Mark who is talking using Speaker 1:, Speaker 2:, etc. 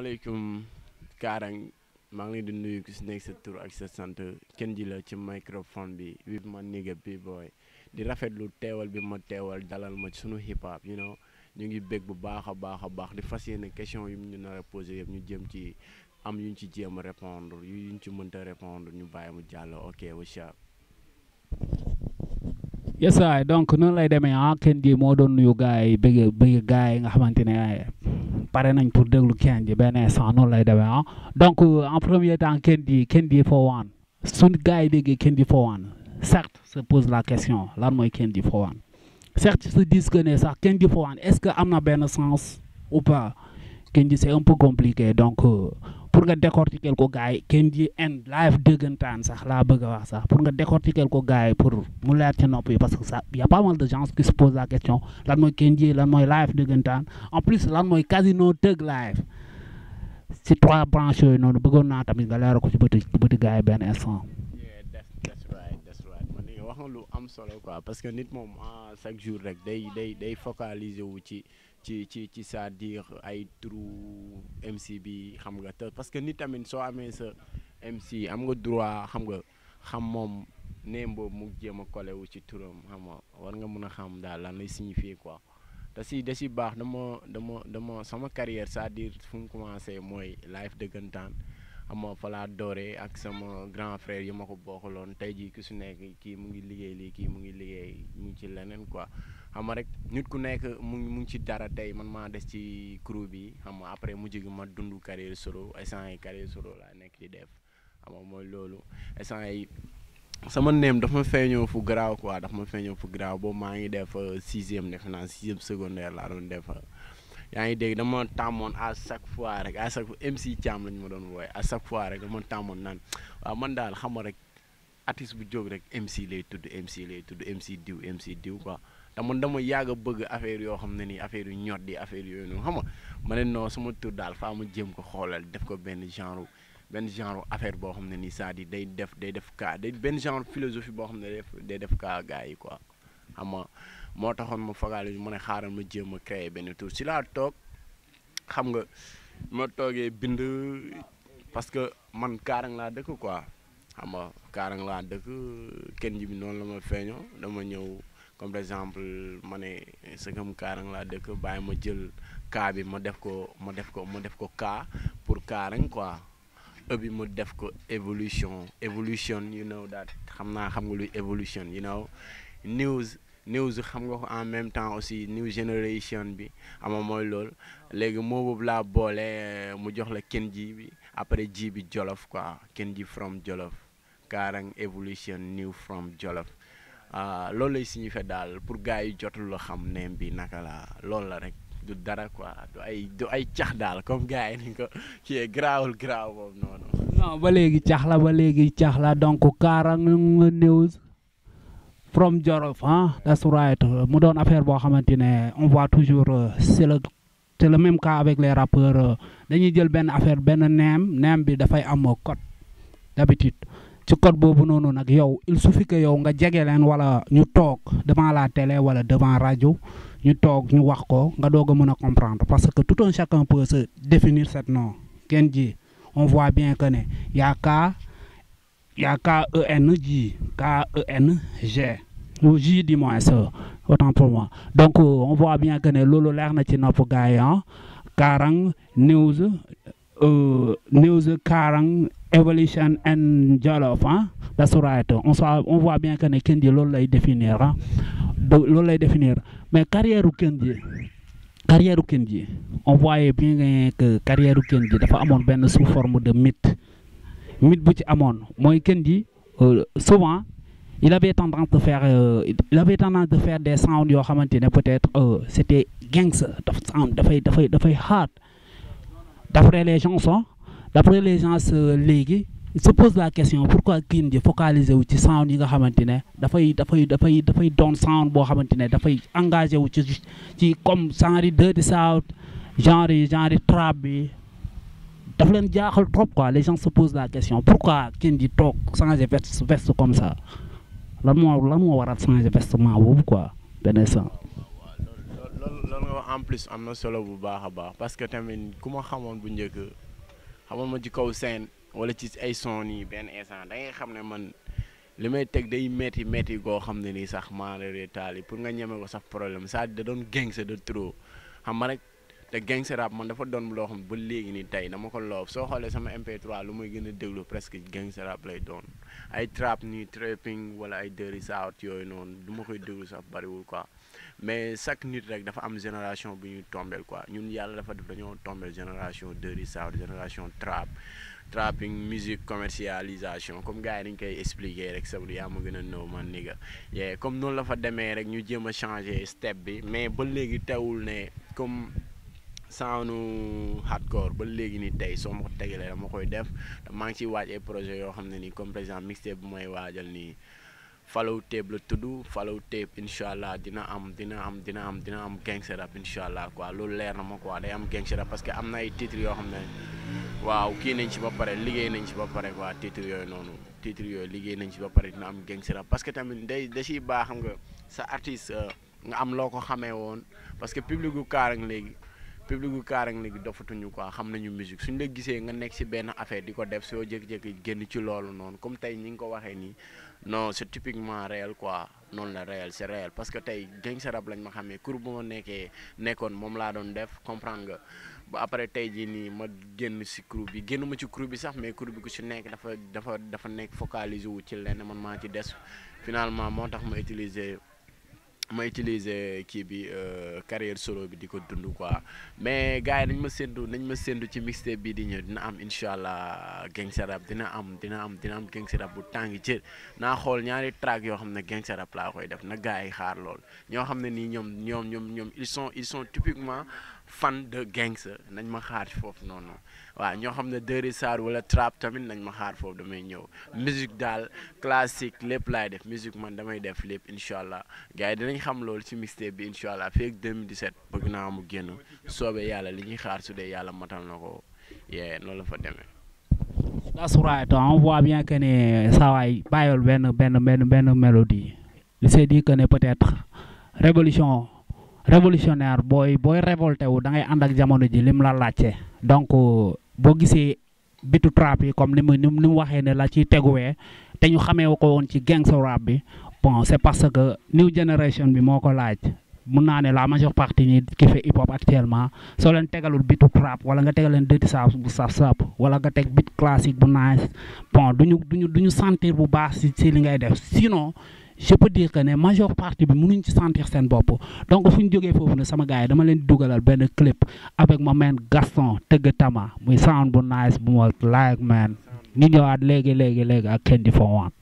Speaker 1: asalaamaaleykum Kaarang maa ngi leen di nuyu ku si nekk sa tur ak sa sant kenn ji la ci microphone bi wii ma nigga bi booy di rafetlu teewal bi ma teewal dalal ma ci sunu hip hop ñu ngi bég bu baax a baax a baax di fas yéene question yu mu nar a posé yëpp ñu jëm ci am yuñ ci jéem a répondre yu ñu ci mënta répondre ñu bàyyi mu jàll ok washa
Speaker 2: yesaay donc noonu lay demee ah kenn ji moo doon nuyu gars yi bëgg bëgg nga xamante ne pare nañ pour déglu kenn ji benn instant noonu lay demee ah donc euh, en premier temps kenn di kenn di for one suñ gars yi déggee kenn di for one certes se pose la question lan mooy kenn di for one certes se disent sax kenn di for one est-ce que am na benn sens ou pas kenn di c'est un peu compliqué donc euh, pour nga décortiquer ko gars yi kenn ji en live dëggantaan sax laa bëgg wax sax pour nga décortiquer ko gars yi pour mu leer ci nopp yi parce que ça y a pas mal de gens qui se posent la question lan mooy kenn ji lan mooy live dëggantaan en plus lan mooy casino tëgg live si trois branches yooyu noonu bëggoon naa tamit nga leeral ko ci bëti bëti gars yi benn instant.
Speaker 1: wax nga lu am solo quoi parce que nit moom ah, chaque jour rek day day day focaliser wu ci. ci ci ci cest à ay turu MC bi xam nga te parce que nit tamit soo amee sa MC am nga droit xam nga xam moom ne boobu mu jéem a collé wu ci turam xam nga war nga mën a xam daal lan lay signifier quoi te si da si baax dama dama dama sama carrière cest à fu mu commencé mooy live dëggantaan xam nga fa laa dooree ak sama grand frère yi ma ko bokkaloon tey jii ku su nekk kii mu ngi liggéey lii kii mu ngi liggéey mu ngi ci leneen quoi. xam nga rek nit ku nekk mu ngi mu ngi ci dara tey man maa des ci crew bi xam nga après mujj gi ma dund carrière solo instant yi carrière solo laa nekk di def xam nga mooy loolu instant yi sama neem dafa ma feeñoo fu garaaw quoi dafa ma feeñoo fu garaaw boobu maa ngi def euh, sixième defe naa sixième secondaire laa doon def yaa ngi dégg dama tàmmoon à chaque fois rek à chaque fois MC Thiam la ñu ma doon wooye à chaque fois rek dama tàmmoon naan waaw man daal xam nga rek artiste bu jóg rek MC lay tudd MC lay tudd MC diw MC diw quoi. te man dama yàgg a bëgg affaire yoo xam ne nii affaire yu ñor di affaire yooyu noonu xam nga ma ne non sama tur daal fa ma jéem ko xoolal def ko benn genre benn genre affaire boo xam ne nii cest à day def day def cas benn genre philosophie boo xam ne day day def cas gars yi quoi xam nga moo taxoon ma fagaale ma ne xaaral ma jéem ma créer benn tur si laa toog xam nga ma toogee bind parce que man kaarang laa dëkk quoi xam nga kaarang laa dëkk kenn ji noonu la ma feeñoo dama ñëw. comme par exemple ma ne sëgam Kaarang laa dëkk bàyyi ma jël kaa bi ma def ko ma def ko ma def ko kaa pour Kaarang quoi e bi ma def ko évolution évolution you know that xam naa xam nga luy évolution you know news news xam nga ko en même temps aussi new generation bi ama mooy lool léegi moo boobu laa boole mu jox la kenn ji bi après ji bi Jolof quoi ji from Jolof Kaarang évolution new from Jolof Ah, loolu lay signifié daal pour gars yi jotul la xam neem bi naka la loolu la rek du dara quoi du ay ay cax daal comme gars yi ni ko kii garaawul garaaw boobu noonu.
Speaker 2: ba léegi cax la ba léegi cax la donc Karang news from Jorof ah that's right mu doon affaire boo xamante ne on voit toujours euh, c'est le c'est le même avec les rappeurs euh, dañuy jël benn affaire benn neem neem bi dafay am code d'habitude ci code boobu noonu nag yow il suffit que yow nga jege leen wala ñu toog devant la télé wala devant rajo ñu toog ñu wax ko nga doog a mën a comprendre parce que tout un chacun peut se définir cette nom on voit bien que ne y a K y a K E N J K E N G moi donc euh, on voit bien que ne loolu leer na ci nopp gars yi ah. Karang News euh, News Karang evolution and Jollof ah that's right on soit on voit bien que ne Kenji loolu lay définir loolu lay définir mais carrière u Kenji carrière u Kenji on voyait bien que carrière u dafa amoon benn sous forme de mythe mythe bu ci amoon mooy Kenji euh, souvent il avait tendance de faire euh, il avait tendance de faire des sounds yoo xamante ne peut-être euh, c'était gangster daf dafay dafay dafay hard d'après les chansons d'après les gens léegi se pose la question pourquoi King ji focaliser wu ci sound yi nga xamante ne dafay dafay dafay dafay doon sound boo xamante ne dafay engagé wu ci ci comme genre dirty sound genre yi genre trap bi dafa leen jaaxal trop quoi les gens la question pourquoi King ji toog changer veste veste comme ça lan moo lan moo waral changer vestement boobu quoi benn sens.
Speaker 1: loolu loolu nga wax en plus am na solo bu baax a baax parce que tamit ku xamoon bu njëkk. xamal ma ci kaw seen wala ci ay son yi benn instant da ngay xam ne man li may teg day métti métti goo xam ne nii sax maa reere taal yi pour nga ñeme ko sax problème ça da doon géng sa de trop xam ma rek te gangster rap man dafa doon loo xam ba léegi ni tey dama ko loof soo xoolee sama MP3 lu may gën a déglu presque gangster rap lay doon ay trap ni trapping wala ay dirty south yooyu noonu du ma koy déglu sax bariwul quoi mais chaque nit rek dafa am génération bu ñu tombeel quoi ñun yàlla dafa def dañoo tombeel génération dirty south génération trap trapping musique commercialisation comme gars yi dañ koy expliquer rek sablu yaa ma gën a nëw man ni comme rek ñu jéem a changer step bi mais ba léegi teewul ne comme saanu hardcore ba léegi nii tey soo ma ko tegalee dama koy def te maa ngi ciy waaj ay projet yoo xam ne nii comme par exemple mixtape bu may waajal nii Fallow Tape la tudd Fallow Tape incha allah dina am dina am dina am dina am gangster rap incha allah quoi loolu leer na ma quoi day am gangster parce que am na ay titres yoo xam ne waaw kii nañ si ba pare liggéey nañ si ba pare ko titres yooyu noonu titres yooyu liggéey nañ ci ba pare dina am gangster parce que tamit day da ciy baax xam nga sa artiste euh, nga am loo ko xamee woon parce que public gu léegi. public gu Karang léegi dofatuñu quoi xam nañu musique suñ la gisee nga nekk si benn affaire di ko def soo jékki-jékki génn ci loolu noonu comme tey ñi nga ko waxee nii non c'est typiquement réel quoi noonu la réel c'est réel parce que tey Gangsta rab lañ ma xamee kur bu ma nekkee nekkoon moom laa doon def comprendre nga ba après tey jii nii ma génn si crew bi génn ma ci crew bi sax mais crew bi ku si nekk dafa dafa dafa nekk focalisé wu ci lenn man maa ci des finalement moo tax ma utiliser. ma utiliser kii bi euh, carrière solo bi di ko dund quoi mais gars yi nañ ma séntu nañ ma séntu ci mixtape bii di ñëw dina am incha allah gangsta rap dina am dina am dina am gangsta rap bu tàng jër naa xool ñaari track yoo xam ne gangsta rap laa koy def na gars yi xaar lool ñoo xam ne nii ñoom ñoom ñoom ñoom ils sont ils typiquement. fan de gangster nañ ma xaar foofu noonu waaw ñoo xam ne Derry Sarr wala trap tamit nañ ma xaar foofu damay ñëw musique daal classique lépp laay def musique man damay def lépp incha allah gars yi dinañ xam loolu ci mixtape bi incha allah feeg 2017 bëgg naa mu génn soobee yàlla li ñuy xaar su dee yàlla matal na ko yee noonu la fa demee.
Speaker 2: That's right on voit bien que ne saa waay bàyyol benn benn benn mélodie li c'est dit ne peut révolution révolutionnaire booy booy révolté wu da ngay ànd ak jamono ji lim la laajte donc boo gisee bitu trap yi comme ni mu ni mu waxee ne la ciy teguwee te ñu xamee ko woon ci gangsta rap bi bon c'est parce que new generation bi moo ko laaj mun naa ne la majeure partie ñi ki fait hip hop actuellement soo leen tegalul bitu trap wala nga tegal leen dirty saab bu saf saf wala nga teg bit classique bu nice bon duñu duñu duñu sentir bu baax si si li ngay def sinon je peux dire que ne majeure partie bi mënuñ ci sentir seen bopp donc fu ñu jogee foofu ne sama gars yi dama leen di dugalal benn clip avec ma man Gaston tëgg tama muy sound bu nice bu ma like man ñu ñëwaat léegi léegi léegi ak Kendy for One